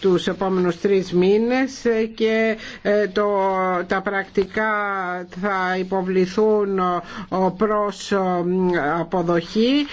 τους επόμενους τρεις μήνες και ε, το, τα πρακτικά θα υποβληθούν ε, προς ε, αποδοχή